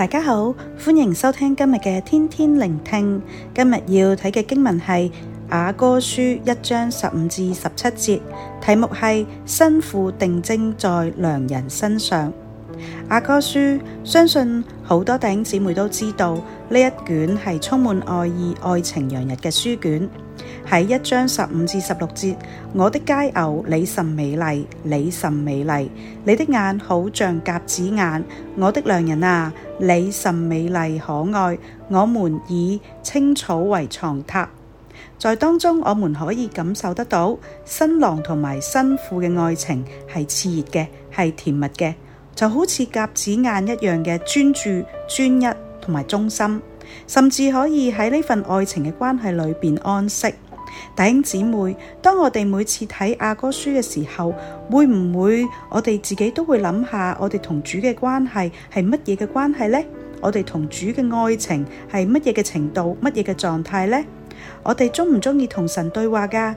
大家好，歡迎收聽今日嘅天天靈聽。今日要睇嘅經文係《雅歌書》一章十五至十七節，題目係“新婦定睛在良人身上”。《雅歌書》，相信好多弟兄姊妹都知道，呢一卷係充滿愛意、愛情洋溢嘅書卷。喺一章十五至十六節，我的佳偶，你甚美麗，你甚美麗，你的眼好像鴿子眼，我的良人啊，你甚美麗可愛。我們以青草為床榻。在當中我們可以感受得到新郎同埋新婦嘅愛情係熾熱嘅，係甜蜜嘅，就好似鴿子眼一樣嘅專注、專一同埋忠心，甚至可以喺呢份愛情嘅關係裏面安息。弟兄姊妹，當我哋每次睇雅歌書嘅時候，會唔會我哋自己都會諗下，我哋同主嘅關係係乜嘢嘅關係呢？我哋同主嘅愛情係乜嘢嘅程度、乜嘢嘅狀態呢？我哋鍾唔鍾意同神對話㗎？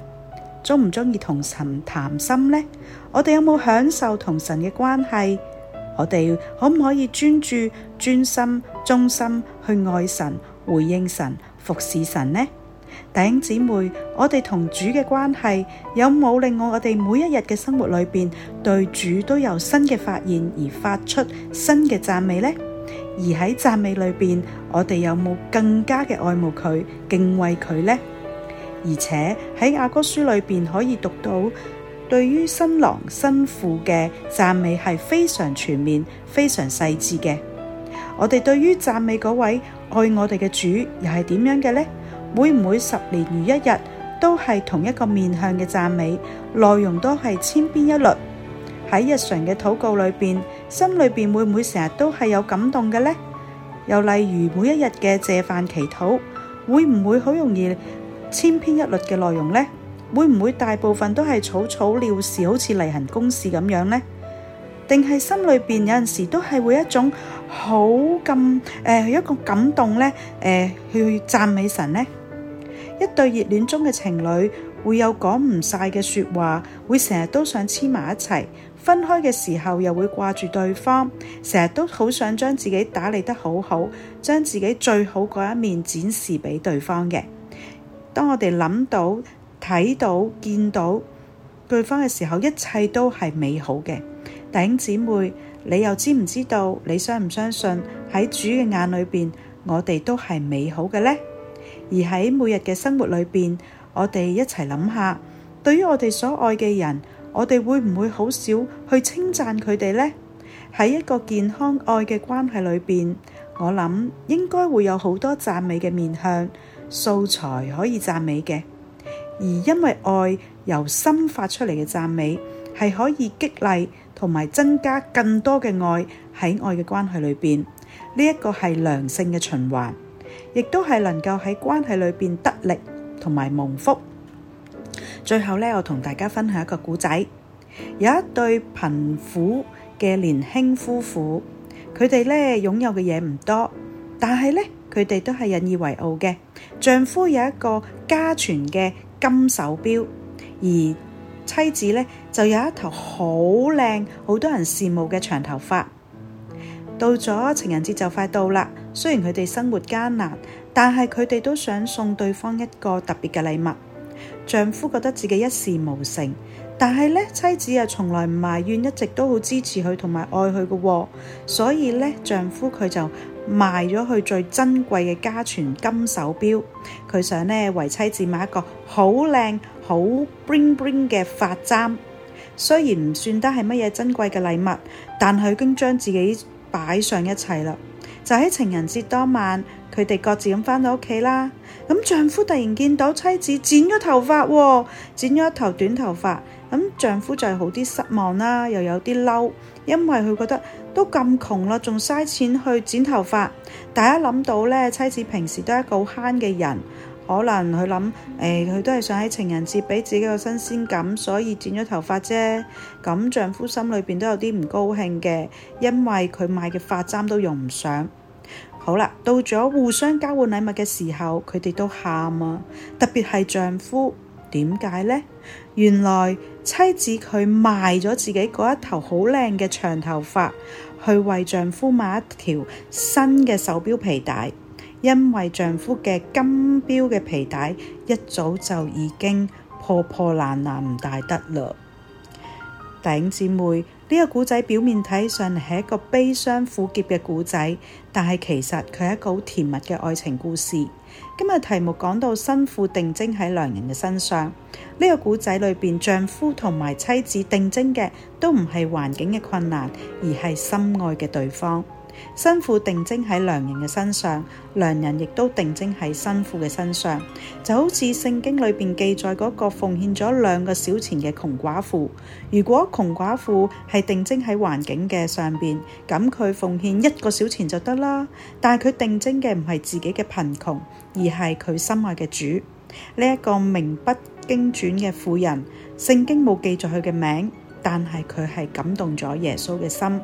鍾唔鍾意同神談心呢？我哋有冇享受同神嘅關係？我哋可唔可以專注、專心、忠心去愛神、回應神、服侍神呢？頂姐妹，我哋同主嘅關係有冇令我哋每一日嘅生活裏邊對主都有新嘅發現而發出新嘅讚美呢？而喺讚美裏邊，我哋有冇更加嘅愛慕佢、敬畏佢呢？而且喺雅歌書裏邊可以讀到，對於新郎、新婦嘅讚美係非常全面、非常細緻嘅。我哋對於讚美嗰位愛我哋嘅主又係點樣嘅呢？會唔會十年如一日都係同一個面向嘅讚美，內容都係千篇一律？喺日常嘅禱告裏邊，心裏邊會唔會成日都係有感動嘅呢？又例如每一日嘅謝飯祈禱，會唔會好容易千篇一律嘅內容呢？會唔會大部分都係草草了事，好似例行公事咁樣呢？定係心裏邊有陣時都係會一種好咁誒一個感動呢，誒去讚美神呢？一對熱戀中嘅情侶會有講唔晒嘅說話，會成日都想黐埋一齊，分開嘅時候又會掛住對方，成日都好想將自己打理得好好，將自己最好嗰一面展示俾對方嘅。當我哋諗到、睇到、見到對方嘅時候，一切都係美好嘅。弟兄姊妹，你又知唔知道？你相唔相信喺主嘅眼裏邊，我哋都係美好嘅呢？而喺每日嘅生活裏邊，我哋一齊諗下，對於我哋所愛嘅人，我哋會唔會好少去稱讚佢哋咧？喺一個健康愛嘅關係裏邊，我諗應該會有好多讚美嘅面向素材可以讚美嘅。而因為愛由心發出嚟嘅讚美，係可以激勵同埋增加更多嘅愛喺愛嘅關係裏邊，呢一個係良性嘅循環。亦都係能夠喺關係裏邊得力同埋蒙福。最後呢，我同大家分享一個古仔。有一對貧苦嘅年輕夫婦，佢哋呢擁有嘅嘢唔多，但係呢，佢哋都係引以為傲嘅。丈夫有一個家傳嘅金手錶，而妻子呢，就有一頭好靚、好多人羨慕嘅長頭髮。到咗情人節就快到啦。雖然佢哋生活艱難，但係佢哋都想送對方一個特別嘅禮物。丈夫覺得自己一事無成，但係呢妻子又從來唔埋怨，一直都好支持佢同埋愛佢嘅、哦。所以呢，丈夫佢就賣咗佢最珍貴嘅家傳金手錶，佢想呢，為妻子買一個好靚好 bling bling 嘅髮簪。雖然唔算得係乜嘢珍貴嘅禮物，但佢已經將自己擺上一切啦。就喺情人節當晚，佢哋各自咁返到屋企啦。咁丈夫突然見到妻子剪咗頭髮、哦，剪咗一頭短頭髮。咁丈夫就係好啲失望啦，又有啲嬲，因為佢覺得都咁窮啦，仲嘥錢去剪頭髮。大家諗到咧，妻子平時都係一個慳嘅人。可能佢諗，誒、欸，佢都係想喺情人節畀自己個新鮮感，所以剪咗頭髮啫。咁丈夫心裏邊都有啲唔高興嘅，因為佢買嘅髮簪都用唔上。好啦，到咗互相交換禮物嘅時候，佢哋都喊啊！特別係丈夫，點解呢？原來妻子佢賣咗自己嗰一頭好靚嘅長頭髮，去為丈夫買一條新嘅手錶皮帶。因為丈夫嘅金錶嘅皮帶一早就已經破破爛爛，唔帶得嘞。弟兄姊妹，呢個古仔表面睇上嚟，係一個悲傷苦澀嘅古仔，但係其實佢係一個好甜蜜嘅愛情故事。今日題目講到新婦定睛喺良人嘅身上，呢、這個古仔裏邊，丈夫同埋妻子定睛嘅都唔係環境嘅困難，而係深愛嘅對方。新婦定睛喺良人嘅身上，良人亦都定睛喺新婦嘅身上，就好似聖經裏邊記載嗰個奉獻咗兩個小錢嘅窮寡婦。如果窮寡婦係定睛喺環境嘅上邊，咁佢奉獻一個小錢就得啦。但係佢定睛嘅唔係自己嘅貧窮，而係佢心愛嘅主。呢、這、一個名不經傳嘅婦人，聖經冇記住佢嘅名，但係佢係感動咗耶穌嘅心。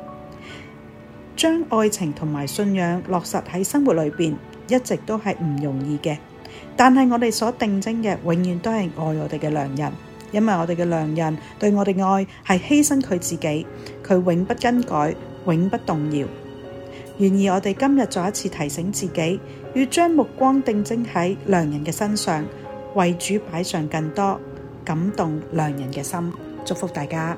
將愛情同埋信仰落實喺生活裏邊，一直都係唔容易嘅。但係我哋所定睛嘅，永遠都係愛我哋嘅良人，因為我哋嘅良人對我哋愛係犧牲佢自己，佢永不更改，永不動搖。然而我哋今日再一次提醒自己，要將目光定睛喺良人嘅身上，為主擺上更多，感動良人嘅心。祝福大家。